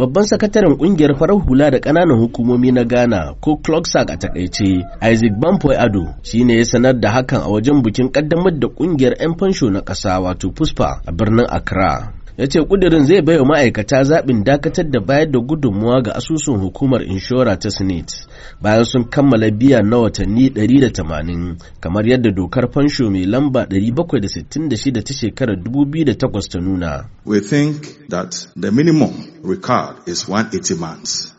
Babban sakataren kungiyar farar hula da ƙananan hukumomi na Ghana ko Clocksack a takaice, Isaac Bampoy Ado shine ya sanar da hakan a wajen bukin ƙaddamar da kungiyar 'yan fansho na ƙasa wato Puspa a birnin Accra. ya ce kudirin zai baiwa ma'aikata zaɓin dakatar da bayar da gudunmuwa ga asusun hukumar inshora ta senate bayan sun kammala biya na watanni 180 kamar yadda dokar fansho mai lamba 766 ta shekarar 2008 ta nuna we think that the minimum record is 180 months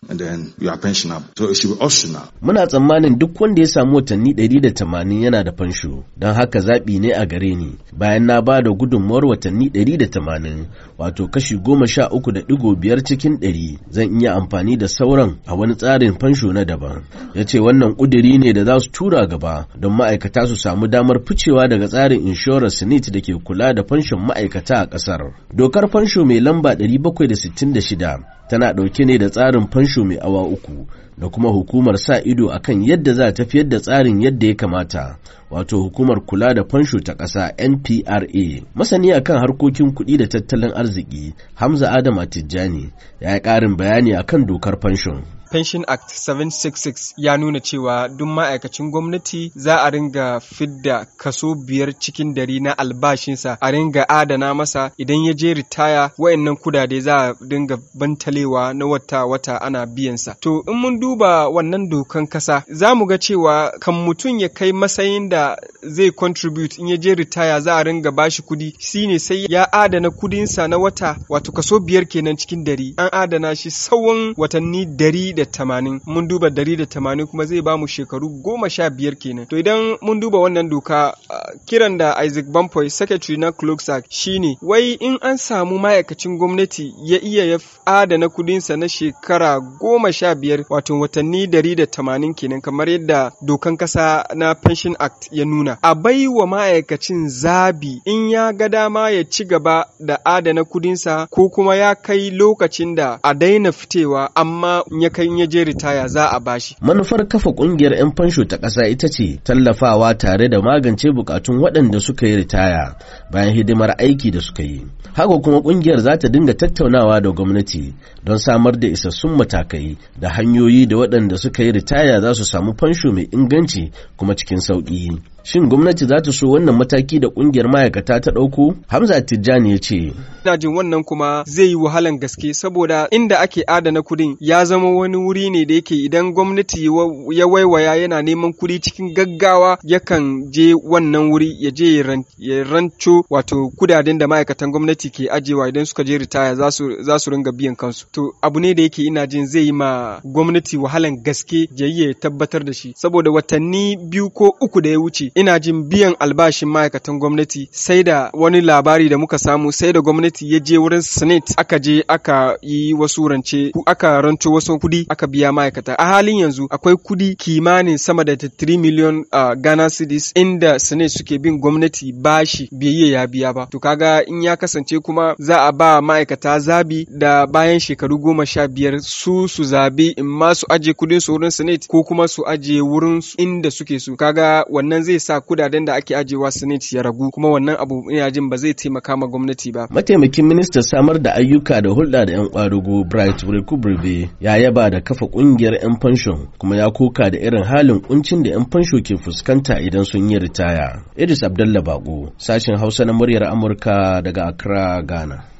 Muna tsammanin duk wanda ya samu watanni 180 yana da fansho, don haka zaɓi ne a gare ni bayan na ba da gudunmawar watanni 180 wato kashi goma sha uku da biyar cikin ɗari zan iya amfani da sauran a wani tsarin fansho na daban. Ya ce wannan ƙuduri ne da za su tura gaba don ma'aikata su samu damar ficewa daga tsarin inshorar sinit da ke kula da fanshon ma'aikata a ƙasar. Dokar fansho mai lamba 766 tana ɗauke ne da tsarin fansho rahoto mai awa uku da kuma hukumar sa ido akan yadda za ta tafiyar da tsarin yadda ya kamata wato hukumar kula da fansho ta ƙasa npra masani akan harkokin kuɗi da tattalin arziki hamza adama tijjani ya yi ƙarin bayani akan dokar fanshon Pension Act 766 ya nuna cewa duk ma'aikacin gwamnati za a ringa fidda kaso biyar cikin dari na albashinsa a ringa adana masa idan ya je ritaya wayannan kudade za a ringa bantalewa na wata-wata ana biyansa. To in mun duba wannan dokan kasa za mu ga cewa kan mutum ya kai matsayin da zai contribute in ya je ritaya za a ringa bashi kudi shine sai ya adana kudinsa na wata wato kaso biyar kenan cikin dari an adana shi tsawon watanni dari da 180 mun duba 180 kuma zai bamu shekaru goma sha kenan to idan mun duba wannan doka kiran da Isaac Bampoy secretary na Clocksack shine wai in an samu ma'aikacin gwamnati ya iya ya adana kudinsa na shekara goma sha biyar wato watanni tamanin kenan kamar yadda dokan kasa na Pension Act ya nuna a bai wa ma'aikacin zabi in ya ga dama ya ci gaba da adana kudinsa ko kuma ya kai lokacin da a daina fitewa amma ya kai in ya je ritaya za a bashi. Manufar kafa kungiyar 'yan fansho ta ƙasa ita ce tallafawa tare da magance bukatun waɗanda suka yi ritaya bayan hidimar aiki da suka yi. Haka kuma kungiyar za ta dinga tattaunawa da gwamnati don samar da isassun matakai da hanyoyi da waɗanda suka yi ritaya za su samu fansho mai inganci kuma cikin sauƙi. Shin gwamnati za ta so wannan mataki da kungiyar ma'aikata ta ɗauko? Hamza Tijjani ya ce. Ina jin wannan kuma zai yi wahalan gaske saboda inda ake adana kudin ya zama wani wuri ne da yake idan gwamnati ya waiwaya yana neman kudi cikin gaggawa yakan je wannan wuri ya je ya ranco wato kudaden da ma'aikatan gwamnati ke ajewa idan suka je ritaya za su ringa biyan kansu. To abu ne da yake ina jin zai yi ma gwamnati wahalan gaske ya tabbatar da shi saboda watanni biyu ko uku da ya wuce ina jin biyan albashin ma'aikatan gwamnati sai da wani labari da muka samu sai da gwamnati ya je wurin senate aka je aka yi wasu rance aka ranto wasu kudi aka biya ma'aikata a halin yanzu akwai kudi kimanin sama da 3 miliyon uh, Ghana cedis inda senate suke bin gwamnati bashi biyayya ya biya ba to kaga in ya kasance kuma za a ba ma'aikata zabi da bayan shekaru goma sha biyar su su zabi in ma su aje kudin su wurin senate ko kuma su aje wurin inda suke su kaga wannan zai sa kudaden da ake ajewa sinit ya ragu kuma wannan abu ina jin ba zai taimaka ma gwamnati ba. Mataimakin minista samar da ayyuka da hulɗa da 'yan ƙwarugu Bright Rekubrebe ya yaba da kafa ƙungiyar 'yan fanshon kuma ya koka da irin halin kuncin da 'yan fansho ke fuskanta idan sun yi ritaya. Idris Abdallah Bago, sashen Hausa na muryar Amurka daga Accra, Ghana.